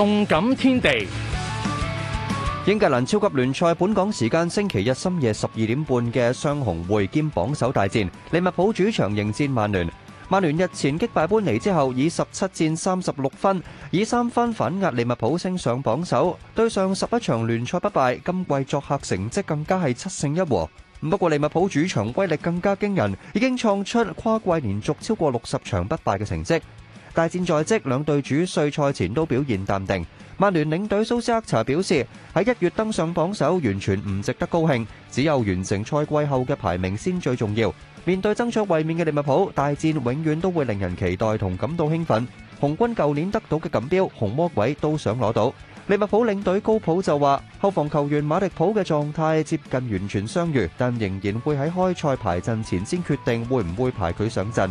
動感天地，英格蘭超級聯賽本港時間星期日深夜十二點半嘅雙紅會兼榜首大戰，利物浦主場迎戰曼聯。曼聯日前擊敗般尼之後，以十七戰三十六分，以三分反壓利物浦升上榜首。對上十一場聯賽不敗，今季作客成績更加係七勝一和。不過利物浦主場威力更加驚人，已經創出跨季連續超過六十場不敗嘅成績。大戰在即，兩隊主帥賽前都表現淡定。曼聯領隊蘇斯克查表示：喺一月登上榜首完全唔值得高興，只有完成賽季後嘅排名先最重要。面對爭取衛冕嘅利物浦，大戰永遠都會令人期待同感到興奮。紅軍舊年得到嘅錦標，紅魔鬼都想攞到。利物浦領隊高普就話：後防球員馬力普嘅狀態接近完全傷愈，但仍然會喺開賽排陣前先決定會唔會排佢上陣。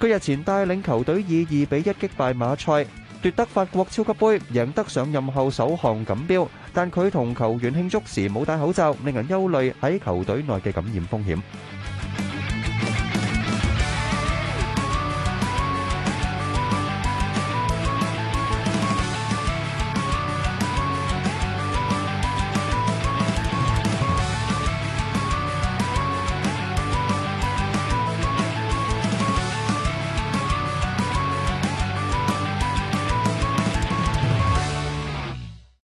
佢日前帶領球隊以二比一擊敗馬賽，奪得法國超級杯，贏得上任後首項錦標。但佢同球員慶祝時冇戴口罩，令人憂慮喺球隊內嘅感染風險。